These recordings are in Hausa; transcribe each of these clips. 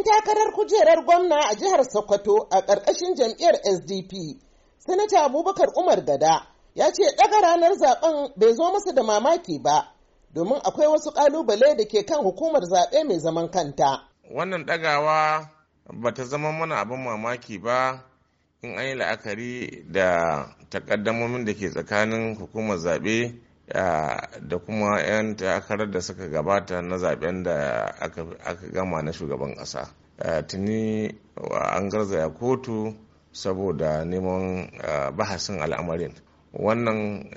ɗan takarar kujerar gwamna a jihar Sokoto a ƙarƙashin jam'iyyar SDP, Sanata Abubakar Umar Gada ya ce ɗaga ranar zaben bai zo masa da mamaki ba, domin akwai wasu ƙalubale da ke kan hukumar zaɓe mai zaman kanta. Wannan ɗagawa ba ta zama mana abin mamaki ba in an yi la'akari da takaddamomin da ke tsakanin hukumar zaɓe da kuma 'yan takarar da suka gabata na zaben da aka gama na shugaban ƙasa tuni an garzaya kotu saboda neman bahasin al'amarin wannan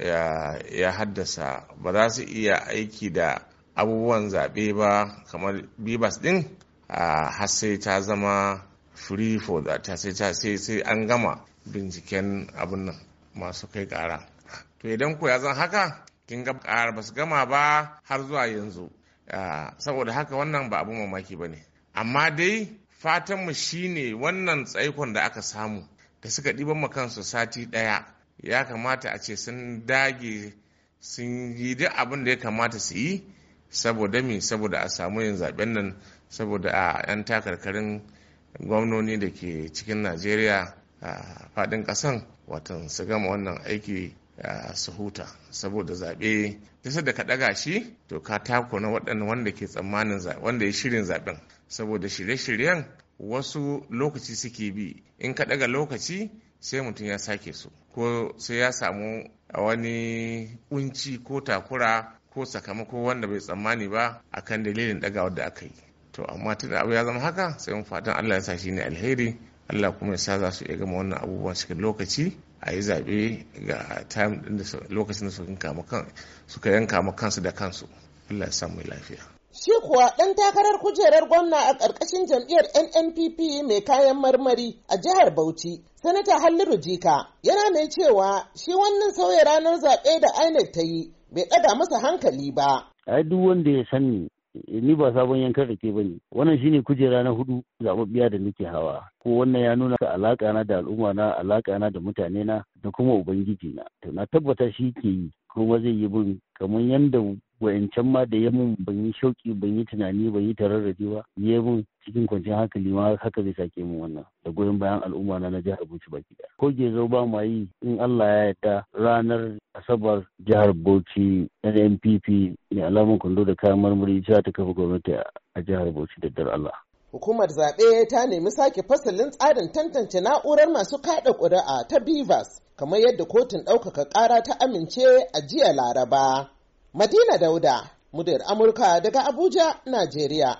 ya haddasa ba za su iya aiki da abubuwan zaɓe ba kamar bibas ɗin har sai ta zama free for that sai sai an gama binciken abin nan masu kai ƙara to idan ku ya zan haka kin ga ƙara ba su gama ba har zuwa yanzu ah, saboda haka wannan ba abin mamaki ba ne amma dai fatanmu shine wannan tsaikon da aka samu da suka ɗiban kansu sati ɗaya ya kamata a ce sun dage sun yi duk abin da ya kamata su yi saboda me saboda a samu yin zaben nan saboda a 'yan takarkarin gwamnoni da ke cikin najeriya a faɗin ƙasan watan su gama wannan aiki su huta saboda zaɓe ta da ka ɗaga shi to ka tako na waɗanda wanda ke tsammanin wanda ya shirin zaɓen saboda shirye-shiryen wasu lokaci suke bi in ka ɗaga lokaci sai mutum ya sake su ko sai ya samu a wani kunci ko takura ko sakamako wanda bai tsammani ba akan dalilin ɗagawa da aka yi to amma tun abu ya zama haka sai mu fatan allah ya sa shi ne alheri allah kuma ya sa za su iya gama wannan abubuwan cikin lokaci a yi zaɓe ga time ɗin da lokacin da suka yanka ma kansu da kansu Allah ya samu lafiya shi kuwa ɗan takarar kujerar gwamna a ƙarƙashin jam'iyyar nnpp mai kayan marmari a jihar bauchi sanata halliru jika yana mai cewa shi wannan sauya ranar zaɓe da inec ta yi bai ɗaga masa hankali ba ai duk wanda ya sani Eh, ni ba sabon yankan rake ba ne wannan shine kujera na hudu zababbiya da nake hawa ko wannan ya nuna ka alaka na da al'umma na alaka na da mutane na da kuma ubangiji na to na tabbata shi ke yi kuma zai yi bin kamar yadda wa'incan ma da ya mun ban yi shauki ban yi tunani ban yi tararrafi ba ya mun cikin kwanciyar hankali ma haka zai sake mu wannan da goyon bayan al'umma na jihar Bauchi baki daya. Ko gezo ba ma yi in Allah ya yarda ranar Asabar jihar Bauchi NNPP ne alamun kwando da kayan marmari za ta kafa gwamnati a jihar Bauchi da dar Allah. Hukumar zaɓe ta nemi sake fasalin tsarin tantance na'urar masu kaɗa ƙuri'a ta Bivas kamar yadda kotun ɗaukaka ƙara ta amince a jiya Laraba. Madina Dauda, Mudir Amurka daga Abuja, Najeriya.